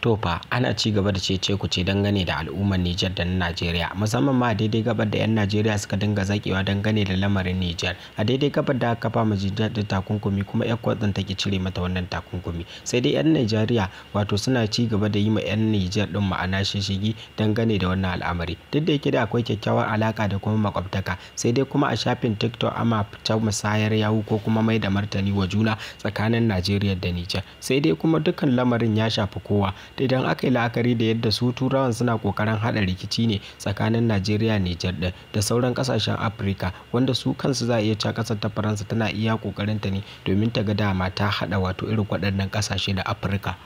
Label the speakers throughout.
Speaker 1: to fa ana ci gaba da cece ku ce dangane da al'ummar Nijar da na Najeriya musamman ma a daidai gabar da 'yan Najeriya suka dinga zakewa dangane da lamarin Nijar a daidai gabar da aka fama jidar da takunkumi kuma 'yan kwatsan take cire mata wannan takunkumi sai dai 'yan Najeriya wato suna ci gaba da yi ma 'yan Nijar din ma'ana shishigi dangane da wannan al'amari duk da yake da akwai kyakkyawar alaka da kuma makwabtaka sai dai kuma a shafin TikTok ama ta musayar yawu ko kuma mai da martani wa juna tsakanin Najeriya da Nijar sai dai kuma dukkan lamarin ya shafi kowa da idan aka yi la'akari da yadda su turawan suna kokarin haɗa rikici ne tsakanin najeriya nijar ɗin da sauran ƙasashen afirka wanda su kansu za a iya ca kasar ta faransa tana iya ta ne domin ta ga dama ta haɗa wato irin waɗannan ƙasashe da afirka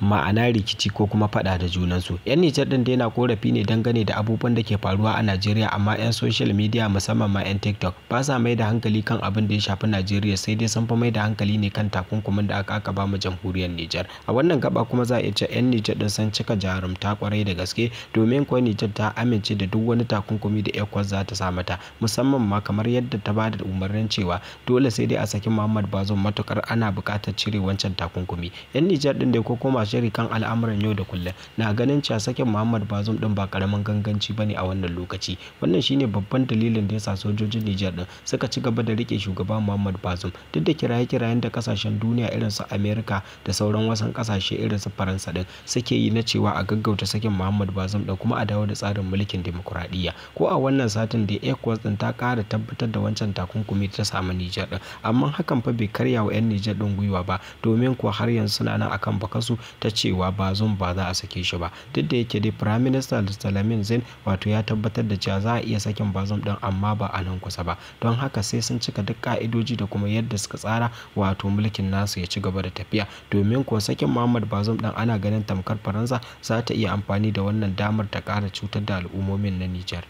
Speaker 1: ma'ana rikici ko kuma faɗa da junansu. 'Yan Nijar ɗin dai na korafi ne dangane da abubuwan da ke faruwa a Najeriya amma 'yan social media musamman ma 'yan TikTok ba sa mai da hankali kan abin da ya shafi Najeriya sai dai sun fi mai da hankali ne kan takunkumin da aka aka ba mu jamhuriyar Nijar. A wannan gaba kuma za a iya cewa 'yan Nijar ɗin sun cika jarumta kwarai da gaske domin ko Nijar ta amince da duk wani takunkumi da ECOWAS za ta sa mata musamman ma kamar yadda ta ba da umarnin cewa dole sai dai a saki Muhammad Bazoum matukar ana buƙatar cire wancan takunkumi. 'Yan Nijar ɗin dai ko kuma shiri kan al'amuran yau da kullum na ganin cewa sakin Muhammad bazum din ba karamin ganganci bane a wannan lokaci wannan shine babban dalilin da yasa sojojin Niger din suka ci gaba da rike shugaba Muhammad bazum duk da kiraye-kirayen da kasashen duniya irin su America da sauran wasan kasashe irin su Faransa din suke yi na cewa a gaggauta sakin Muhammad Bazoum da kuma a dawo da tsarin mulkin demokuraɗiyya ko a wannan satin da ECOWAS din ta kara tabbatar da wancan takunkumi ta samu Niger din amma hakan fa bai karya wa 'yan Niger din gwiwa ba domin kuwa har yanzu suna nan akan bakasu ta cewa bazum ba za a sake shi ba duk da yake dai prime minister salamin zain wato ya tabbatar da cewa za a iya sakin bazum din amma ba a nan kusa ba don haka sai sun cika duk ka'idoji da kuma yadda suka tsara wato mulkin nasu ya ci gaba da tafiya domin ko sakin muhammad bazum din ana ganin tamkar faransa za ta iya amfani da wannan damar ta kara cutar da al'ummomin na nijar